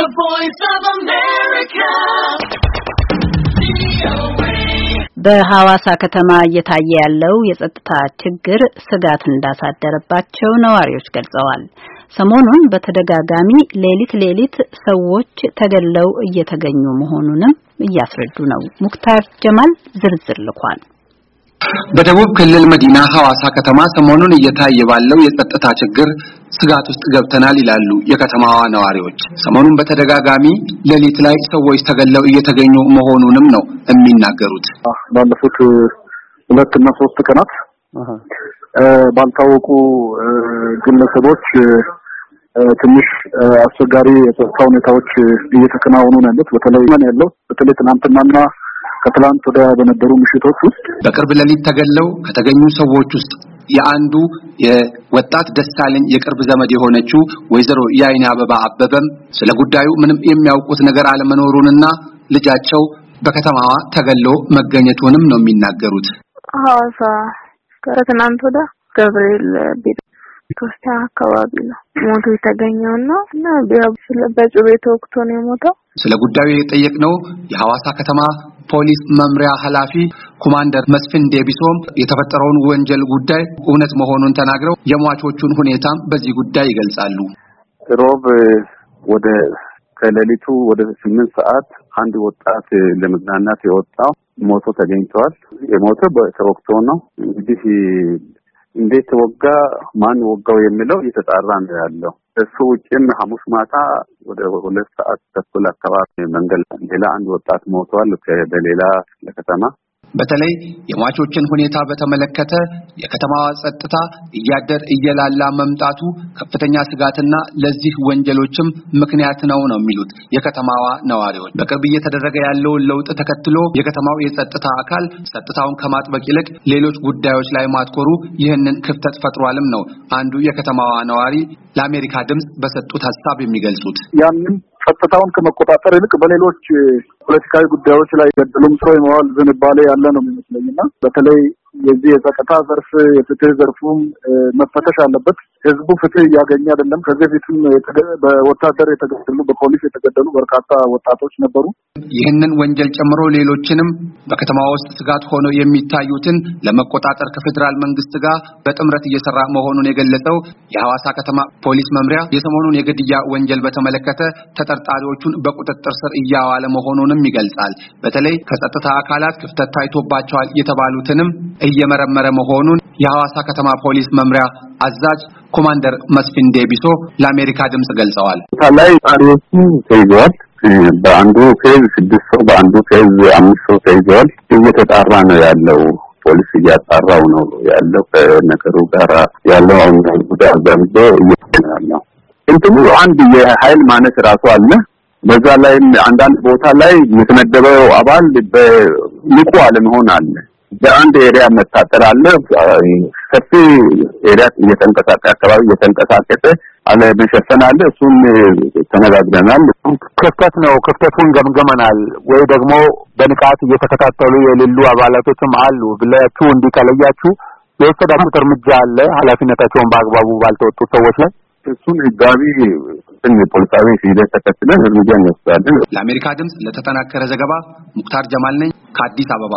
The Voice of America. በሐዋሳ ከተማ እየታየ ያለው የጸጥታ ችግር ስጋት እንዳሳደረባቸው ነዋሪዎች ገልጸዋል። ሰሞኑን በተደጋጋሚ ሌሊት ሌሊት ሰዎች ተገለው እየተገኙ መሆኑንም እያስረዱ ነው። ሙክታር ጀማል ዝርዝር ልኳል። በደቡብ ክልል መዲና ሐዋሳ ከተማ ሰሞኑን እየታየ ባለው የጸጥታ ችግር ስጋት ውስጥ ገብተናል ይላሉ የከተማዋ ነዋሪዎች። ሰሞኑን በተደጋጋሚ ሌሊት ላይ ሰዎች ተገለው እየተገኙ መሆኑንም ነው የሚናገሩት። ባለፉት ሁለት እና ሶስት ቀናት ባልታወቁ ግለሰቦች ትንሽ አስቸጋሪ የጸጥታ ሁኔታዎች እየተከናወኑ ነው ያሉት። በተለይ ያለው በተለይ ትናንትናና ከትላንት ወዲያ በነበሩ ምሽቶች ውስጥ በቅርብ ሌሊት ተገለው ከተገኙ ሰዎች ውስጥ የአንዱ የወጣት ደሳለኝ የቅርብ ዘመድ የሆነችው ወይዘሮ የአይኔ አበባ አበበም ስለ ጉዳዩ ምንም የሚያውቁት ነገር አለመኖሩንና ልጃቸው በከተማዋ ተገሎ መገኘቱንም ነው የሚናገሩት። ሐዋሳ ከትናንት ወዲያ ገብርኤል ቤተ ሶስታ አካባቢ ነው ሞቶ የተገኘው ነው እና በጩቤ ተወግቶ ነው የሞተው። ስለ ጉዳዩ የጠየቅነው የሐዋሳ ከተማ ፖሊስ መምሪያ ኃላፊ ኮማንደር መስፍን ዴቢሶም የተፈጠረውን ወንጀል ጉዳይ እውነት መሆኑን ተናግረው የሟቾቹን ሁኔታም በዚህ ጉዳይ ይገልጻሉ። ሮብ ወደ ከሌሊቱ ወደ ስምንት ሰዓት አንድ ወጣት ለመዝናናት የወጣው ሞቶ ተገኝተዋል። የሞተ ተወቅቶ ነው እንግዲህ እንዴት ወጋ፣ ማን ወጋው የሚለው እየተጣራ ነው ያለው። እሱ ውጭም ሐሙስ ማታ ወደ ሁለት ሰዓት ተኩል አካባቢ መንገድ ሌላ አንድ ወጣት ሞቷል። በሌላ ለከተማ በተለይ የሟቾችን ሁኔታ በተመለከተ የከተማዋ ጸጥታ እያደር እየላላ መምጣቱ ከፍተኛ ስጋትና ለዚህ ወንጀሎችም ምክንያት ነው ነው የሚሉት የከተማዋ ነዋሪዎች። በቅርብ እየተደረገ ያለውን ለውጥ ተከትሎ የከተማው የጸጥታ አካል ጸጥታውን ከማጥበቅ ይልቅ ሌሎች ጉዳዮች ላይ ማትኮሩ ይህንን ክፍተት ፈጥሯልም ነው አንዱ የከተማዋ ነዋሪ ለአሜሪካ ድምፅ በሰጡት ሀሳብ የሚገልጹት። ጸጥታውን ከመቆጣጠር ይልቅ በሌሎች ፖለቲካዊ ጉዳዮች ላይ ገድሉም ሰው የመዋል ዝንባሌ ያለ ነው የሚመስለኝ እና በተለይ የዚህ የጸጥታ ዘርፍ የፍትህ ዘርፉም መፈተሽ አለበት። ህዝቡ ፍትህ እያገኘ አይደለም። ከዚህ በፊትም በወታደር የተገደሉ በፖሊስ የተገደሉ በርካታ ወጣቶች ነበሩ። ይህንን ወንጀል ጨምሮ ሌሎችንም በከተማ ውስጥ ስጋት ሆነው የሚታዩትን ለመቆጣጠር ከፌዴራል መንግስት ጋር በጥምረት እየሰራ መሆኑን የገለጸው የሐዋሳ ከተማ ፖሊስ መምሪያ የሰሞኑን የግድያ ወንጀል በተመለከተ ተጠርጣሪዎቹን በቁጥጥር ስር እያዋለ መሆኑንም ይገልጻል። በተለይ ከጸጥታ አካላት ክፍተት ታይቶባቸዋል የተባሉትንም እየመረመረ መሆኑን የሐዋሳ ከተማ ፖሊስ መምሪያ አዛዥ ኮማንደር መስፍን ዴቢሶ ለአሜሪካ ድምጽ ገልጸዋል። ላይ ጣሪዎቹ ተይዘዋል። በአንዱ ፌዝ ስድስት ሰው በአንዱ ፌዝ አምስት ሰው ተይዘዋል። እየተጣራ ነው ያለው ፖሊስ እያጣራው ነው ያለው። ከነገሩ ጋር ያለው አሁን ጉዳይ ዘምዶ ያለው እንትኑ አንድ የኃይል ማነስ ራሱ አለ። በዛ ላይም አንዳንድ ቦታ ላይ የተመደበው አባል በንቁ አለመሆን አለ። በአንድ ኤሪያ መታጠር አለ። ሰፊ ኤሪያ እየተንቀሳቀ አካባቢ እየተንቀሳቀሰ አለ መሸፈን አለ። እሱም ተነጋግረናል። ክፍተት ነው፣ ክፍተቱን ገምገመናል። ወይ ደግሞ በንቃት እየተከታተሉ የሌሉ አባላቶችም አሉ ብላችሁ እንዲህ ከለያችሁ የወሰዳችሁት እርምጃ አለ ኃላፊነታቸውን በአግባቡ ባልተወጡት ሰዎች ላይ እሱን ህጋቢ ፖለቲካዊ ሂደት ተከትለን እርምጃ እንወስዳለን። ለአሜሪካ ድምፅ ለተጠናከረ ዘገባ ሙክታር ጀማል ነኝ ከአዲስ አበባ።